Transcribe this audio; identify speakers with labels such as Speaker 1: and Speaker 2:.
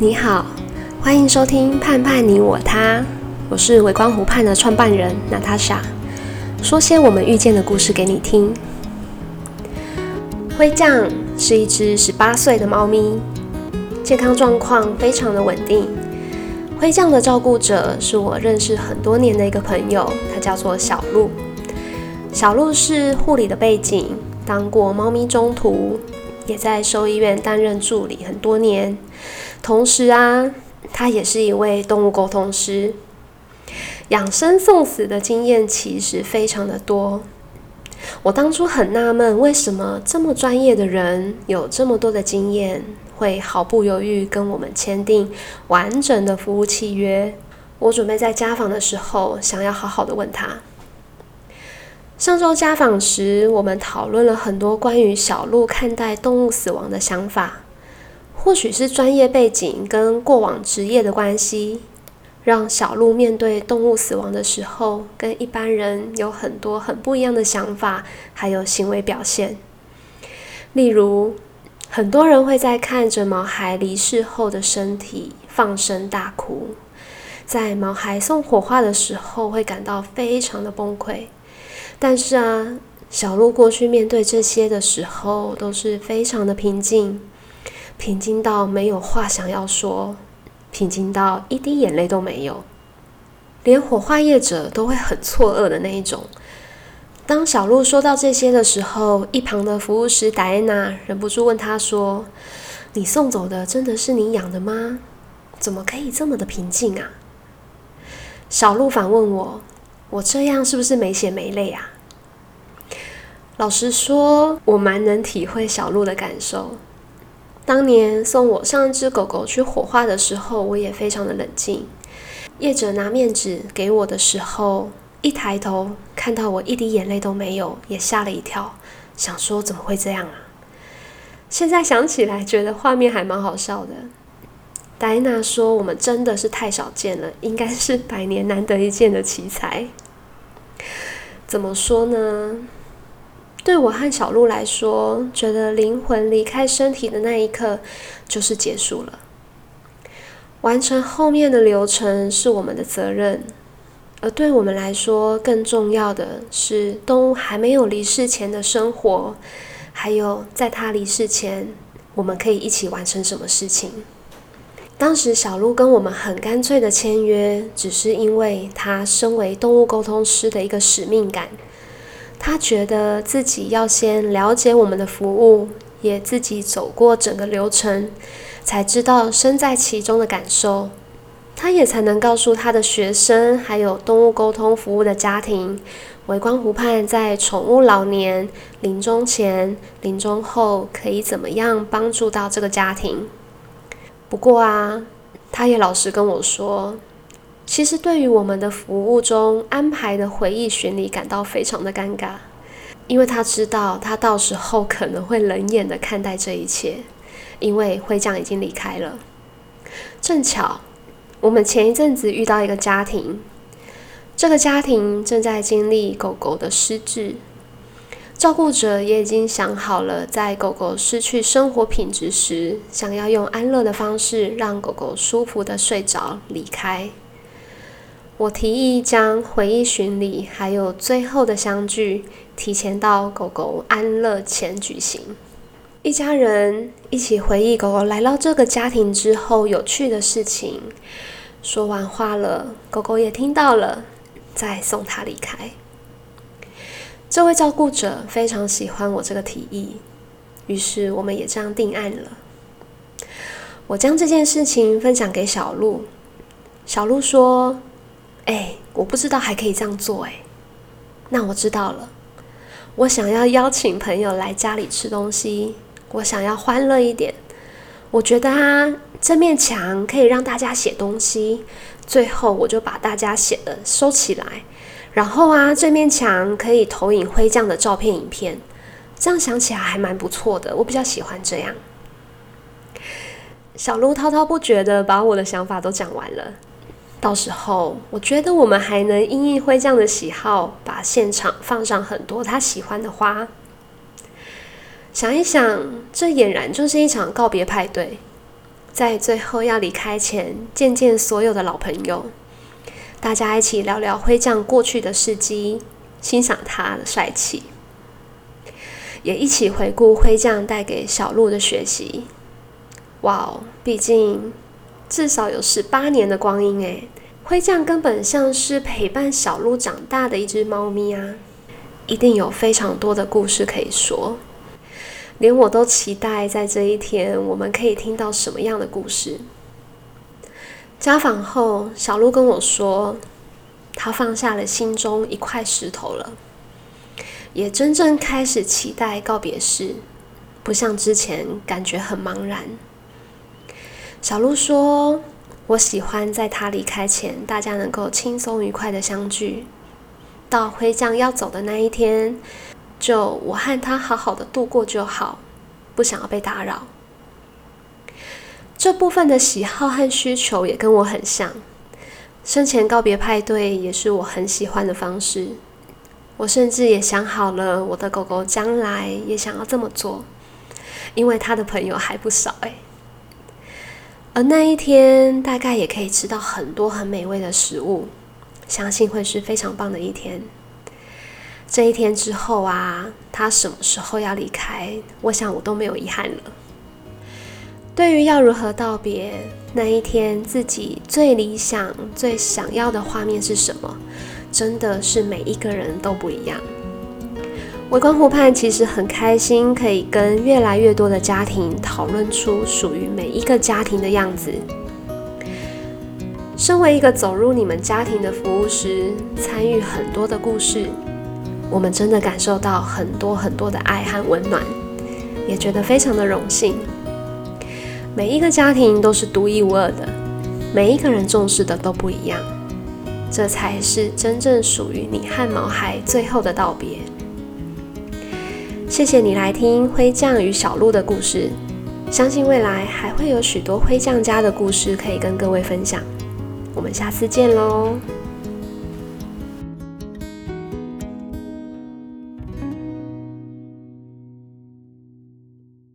Speaker 1: 你好，歡迎收聽《盼盼你我他》，我是微光湖盼的創辦人娜塔莎，說些我們遇見的故事給你聽。灰醬是一隻十八歲的貓咪，健康狀況非常的穩定。灰醬的照顧者是我認識很多年的一個朋友，他叫做小鹿。小鹿是護理的背景，當過貓咪中途，也在獸醫院擔任助理很多年。同時啊，他也是一位動物溝通師，養生送死的經驗其實非常的多。我當初很納悶，為什麼這麼專業的人有這麼多的經驗，會毫不猶豫跟我們簽訂完整的服務契約？我準備在家訪的時候，想要好好的問他。上周家訪時，我們討論了很多關於小鹿看待動物死亡的想法。或許是專業背景跟過往職業的關係，讓小鹿面對動物死亡的時候，跟一般人有很多很不一樣的想法，還有行為表現。例如，很多人會在看着毛孩離世後的身體放聲大哭，在毛孩送火化的時候會感到非常的崩潰。但是啊，小鹿過去面對這些的時候，都是非常的平靜。平靜到沒有話想要說，平靜到一滴眼淚都沒有，連火化業者都會很錯愕的那一種。當小鹿說到這些的時候，一旁的服務師戴安娜忍不住問他說：“你送走的真的是你養的嗎？怎麼可以這麼的平靜啊？”小鹿反問我：“我這樣是不是沒血沒淚啊？”老實說，我蠻能體會小鹿的感受。當年送我上一隻狗狗去火化的時候，我也非常的冷靜。業者拿面紙給我的時候，一抬頭看到我一滴眼淚都沒有，也嚇了一跳，想說怎麼會這樣啊？現在想起來，覺得畫面還蠻好笑的。戴娜說我們真的是太少見了，應該是百年難得一見的奇才。怎麼說呢？對我和小鹿來說，覺得靈魂離開身體的那一刻就是結束了。完成後面的流程是我們的責任，而對我們來說，更重要的是動物還沒有離世前的生活，還有在他離世前，我們可以一起完成什麼事情。當時小鹿跟我們很乾脆的簽約，只是因為他身為動物溝通師的一個使命感。他覺得自己要先了解我們的服務，也自己走過整個流程，才知道身在其中的感受。他也才能告訴他的學生，還有動物溝通服務的家庭，微光湖盼在寵物老年臨終前、臨終後可以怎麼樣幫助到這個家庭。不過啊，他也老實跟我說。其實，對於我們的服務中安排的回憶巡禮，感到非常的尷尬，因為他知道他到時候可能會冷眼的看待這一切，因為灰匠已經離開了。正巧，我們前一陣子遇到一個家庭，這個家庭正在經歷狗狗的失智，照顧者也已經想好了，在狗狗失去生活品質時，想要用安樂的方式讓狗狗舒服的睡着離開。我提議將回憶巡禮還有最後的相聚提前到狗狗安樂前舉行，一家人一起回憶狗狗來到這個家庭之後有趣的事情。說完話了，狗狗也聽到了，再送它離開。這位照顧者非常喜歡我這個提議，於是我們也這樣定案了。我將這件事情分享給小鹿，小鹿說：哎，我不知道還可以這樣做哎，那我知道了。我想要邀請朋友來家裡吃東西，我想要歡樂一點。我覺得啊，這面牆可以讓大家寫東西，最後我就把大家寫的收起來。然後啊，這面牆可以投影灰醬的照片、影片，這樣想起來還蠻不錯的。我比較喜歡這樣。小鹿滔滔不絕的把我的想法都講完了。到時候，我覺得我們還能因應灰匠的喜好，把現場放上很多他喜歡的花。想一想，這儼然就是一場告別派對，在最後要離開前，見見所有的老朋友，大家一起聊聊灰匠過去的事跡，欣賞他的帥氣，也一起回顧灰匠帶給小鹿的學習。哇哦，畢竟。至少有十八年的光陰誒，灰醬根本像是陪伴小鹿長大的一只貓咪啊，一定有非常多的故事可以說，連我都期待在這一天我們可以聽到什麼樣的故事。家訪後，小鹿跟我說，他放下了心中一塊石頭了，也真正開始期待告別式，不像之前感覺很茫然。小鹿說：“我喜歡在他離開前，大家能夠輕鬆愉快的相聚。到灰醬要走的那一天，就我和他好好的度過就好，不想要被打擾。這部分的喜好和需求也跟我很像。生前告別派對也是我很喜歡的方式。我甚至也想好了，我的狗狗將來也想要這麼做，因為他的朋友還不少誒。”而那一天大概也可以吃到很多很美味的食物，相信會是非常棒的一天。這一天之後啊，他什麼時候要離開，我想我都沒有遺憾了。對於要如何道別，那一天自己最理想、最想要的畫面是什麼，真的是每一個人都不一樣。微光湖盼，其實很開心，可以跟越來越多的家庭討論出屬於每一個家庭的樣子。身為一個走入你們家庭的服務師，參與很多的故事，我們真的感受到很多很多的愛和溫暖，也覺得非常的榮幸。每一個家庭都是獨一無二的，每一個人重視的都不一樣，這才是真正屬於你和毛孩最後的道別。謝謝你來聽灰醬與小鹿的故事，相信未來還會有許多灰醬家的故事可以跟各位分享，我們下次見嘍。